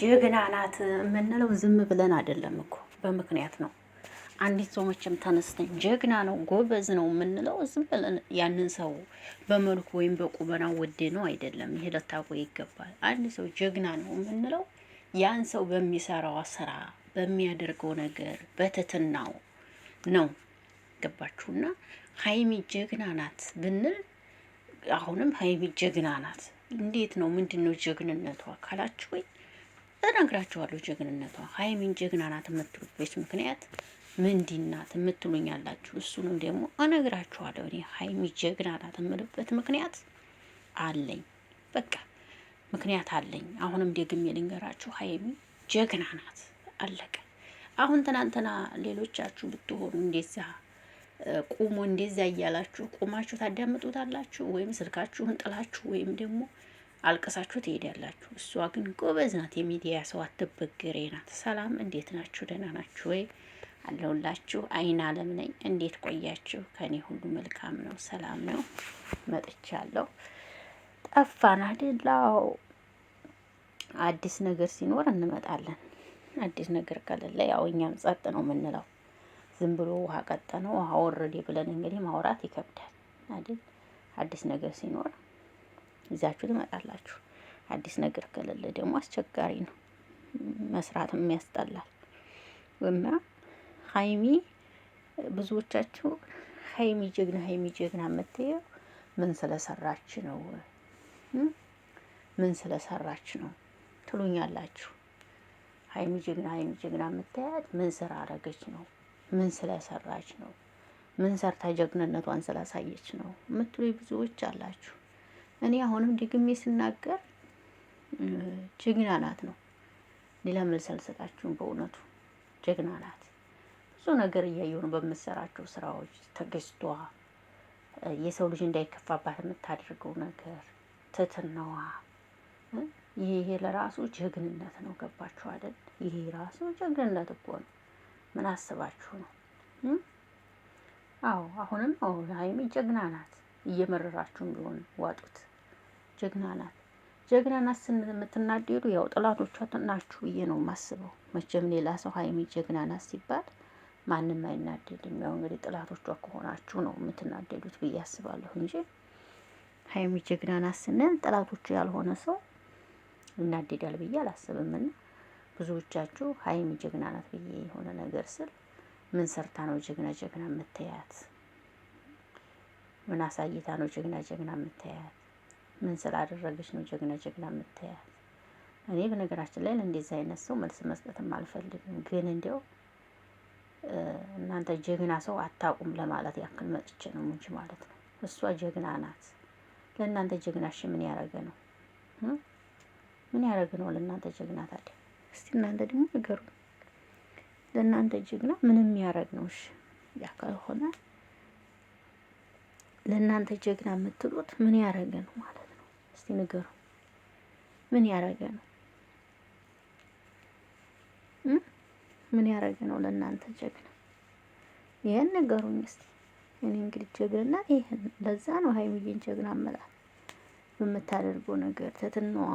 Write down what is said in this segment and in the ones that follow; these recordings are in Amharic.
ጀግና ናት የምንለው ዝም ብለን አይደለም እኮ በምክንያት ነው። አንዲት ሰው መቼም ተነስተን ጀግና ነው ጎበዝ ነው የምንለው ዝም ብለን ያንን ሰው በመልኩ ወይም በቁበናው ወዴ ነው አይደለም። ይሄ ልታውቁ ይገባል። አንድ ሰው ጀግና ነው የምንለው ያን ሰው በሚሰራው ስራ፣ በሚያደርገው ነገር በትትናው ነው። ገባችሁና? ሀይሚ ጀግና ናት ብንል አሁንም ሀይሚ ጀግና ናት እንዴት ነው ምንድን ነው ጀግንነቷ ካላችሁ እነግራችኋለሁ። ጀግንነቷ ሀይሚን ጀግና ናት የምትሉበት ምክንያት ምንድን ናት የምትሉኝ አላችሁ። እሱንም ደግሞ እነግራችኋለሁ። እኔ ሀይሚ ጀግና ናት የምልበት ምክንያት አለኝ። በቃ ምክንያት አለኝ። አሁንም ደግሜ ልንገራችሁ፣ ሀይሚ ጀግና ናት። አለቀ። አሁን ትናንትና ሌሎቻችሁ ብትሆኑ እንደዛ ቁሙ እንደዛ እያላችሁ ቁማችሁ ታዳምጡታላችሁ ወይም ስልካችሁን ጥላችሁ ወይም ደግሞ አልቀሳችሁ ትሄዳላችሁ። እሷ ግን ጎበዝ ናት፣ የሚዲያ ሰው አትበግሬ ናት። ሰላም፣ እንዴት ናችሁ? ደህና ናችሁ ወይ? አለሁላችሁ። አይን አለም ነኝ። እንዴት ቆያችሁ? ከኔ ሁሉ መልካም ነው፣ ሰላም ነው። መጥቻለሁ። ጠፋን አይደላው። አዲስ ነገር ሲኖር እንመጣለን። አዲስ ነገር ከሌለ ያው እኛም ጸጥ ነው የምንለው። ዝም ብሎ ውሃ ቀጠነው ውሃ ወረዴ ብለን እንግዲህ ማውራት ይከብዳል አይደል? አዲስ ነገር ሲኖር ይዛችሁ ትመጣላችሁ። አዲስ ነገር ከሌለ ደግሞ አስቸጋሪ ነው፣ መስራትም ያስጠላል። እና ሀይሚ ብዙዎቻችሁ ሀይሚ ጀግና፣ ሀይሚ ጀግና የምትየው ምን ስለሰራች ነው? ምን ስለሰራች ነው ትሉኛላችሁ። ሀይሚ ጀግና፣ ሀይሚ ጀግና የምታያት ምን ስራ አረገች ነው? ምን ስለሰራች ነው? ምን ሰርታ ጀግንነቷን ስላሳየች ነው የምትሉ ብዙዎች አላችሁ። እኔ አሁንም ድግሜ ስናገር ጀግና ናት ነው። ሌላ መልስ አልሰጣችሁም። በእውነቱ ጀግና ናት። ብዙ ነገር እያየሁ ነው በምሰራቸው ስራዎች ተገዝቷ የሰው ልጅ እንዳይከፋባት የምታደርገው ነገር ትትናዋ ይሄ ለራሱ ጀግንነት ነው። ገባችሁ አይደል? ይሄ ራሱ ጀግንነት እኮ ነው። ምን አስባችሁ ነው? አዎ አሁንም አዎ ሀይሚ ጀግና ናት። እየመረራችሁም ቢሆን ዋጡት። ጀግና ናት። ጀግና ናት ስንል የምትናደዱ ያው ጥላቶቿ ናችሁ ብዬ ነው የማስበው። መቼም ሌላ ሰው ሀይሚ ጀግና ናት ሲባል ማንም አይናደድም። ያው እንግዲህ ጥላቶቿ ከሆናችሁ ነው የምትናደዱት ብዬ አስባለሁ እንጂ ሀይሚ ጀግና ናት ስንል ጥላቶቹ ያልሆነ ሰው ይናደዳል ብዬ አላስብም። ብዙዎቻችሁ ሀይሚ ጀግና ናት ብዬ የሆነ ነገር ስል ምን ሰርታ ነው ጀግና ጀግና የምትያት? ምን አሳይታ ነው ጀግና ጀግና የምትያት? ምን ስላደረገች ነው ጀግና ጀግና የምታያት እኔ በነገራችን ላይ ለእንደዚህ አይነት ሰው መልስ መስጠትም አልፈልግም፣ ግን እንዲያው እናንተ ጀግና ሰው አታቁም ለማለት ያክል መጥቼ ነው እንጂ ማለት ነው። እሷ ጀግና ናት። ለእናንተ ጀግና እሺ ምን ያደረገ ነው? ምን ያደረገ ነው ለእናንተ ጀግና ታዲያ? እስቲ እናንተ ደግሞ ነገሩ ለእናንተ ጀግና ምንም ያደረግ ነው? እሺ ያ ካልሆነ ለእናንተ ጀግና የምትሉት ምን ያደረገ ነው ማለት እስቲ ንገሩ። ምን ያረገ ነው? ምን ያረገ ነው ለእናንተ ጀግና? ይህን ንገሩኝ እስቲ። እኔ እንግዲህ ጀግና ይህን ለዛ ነው ሀይሚዬን ጀግና መላል በምታደርገው ነገር ትትናዋ፣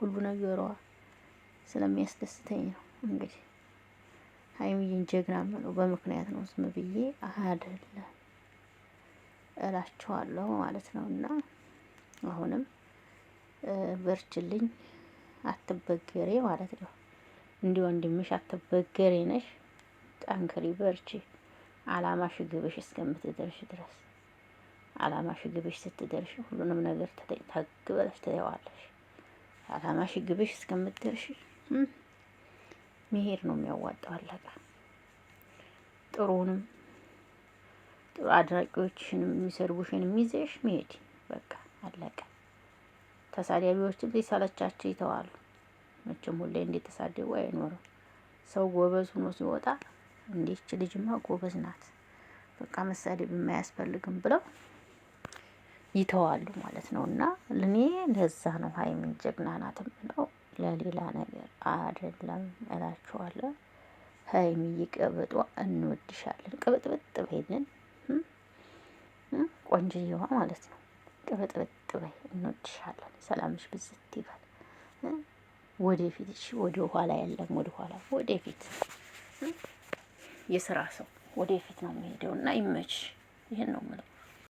ሁሉ ነገሯ ስለሚያስደስተኝ ነው እንግዲህ ሀይሚዬን ጀግና ምለው በምክንያት ነው። ዝም ብዬ አይደለም እላችኋለሁ ማለት ነው። እና አሁንም በርችልኝ አትበገሬ ማለት ነው። እንዲ ወንድምሽ አትበገሬ ነሽ፣ ጠንክሪ፣ በርቺ። አላማሽ ግብሽ እስከምትደርሽ ድረስ አላማሽ ግብሽ ስትደርሽ ሁሉንም ነገር ታግበለሽ ትተዋለሽ። አላማሽ ግብሽ እስከምትደርሽ መሄድ ነው የሚያዋጣው። አለቃ ጥሩንም ጥሩ አድናቂዎችሽንም የሚሰርቡሽንም ይዘሽ መሄድ በቃ አለቀ። ተሳዳቢዎችም ሊሰለቻቸው ይተዋሉ። መቼም ሁሌ እንደተሳደቡ አይኖርም። ሰው ጎበዝ ሆኖ ሲወጣ እንዲች ልጅማ ጎበዝ ናት፣ በቃ መሳደብ የማያስፈልግም ብለው ይተዋሉ ማለት ነው። እና ለዛ ነው ሀይሚን ጀግና ናት የምለው ለሌላ ነገር አይደለም እላችኋለሁ። ሀይሚዬ ቅብጧ እንወድሻለን። ቅብጥብጥ በይልን ቆንጅዬዋ ማለት ነው። ቅብጥብጥ አትበይ፣ እንወድሻለን። ሰላምሽ ብዝት ይበል። ወደፊት እሺ፣ ወደ ኋላ የለም። ወደ ኋላ ወደፊት፣ የስራ ሰው ወደፊት ነው የሚሄደው እና ይመች። ይህን ነው የምለው።